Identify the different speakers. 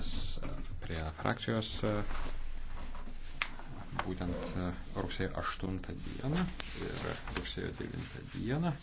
Speaker 1: mes e, prie frakcijos e, būtent e, rugsėjo 8 dieną ir rugsėjo 9 dieną.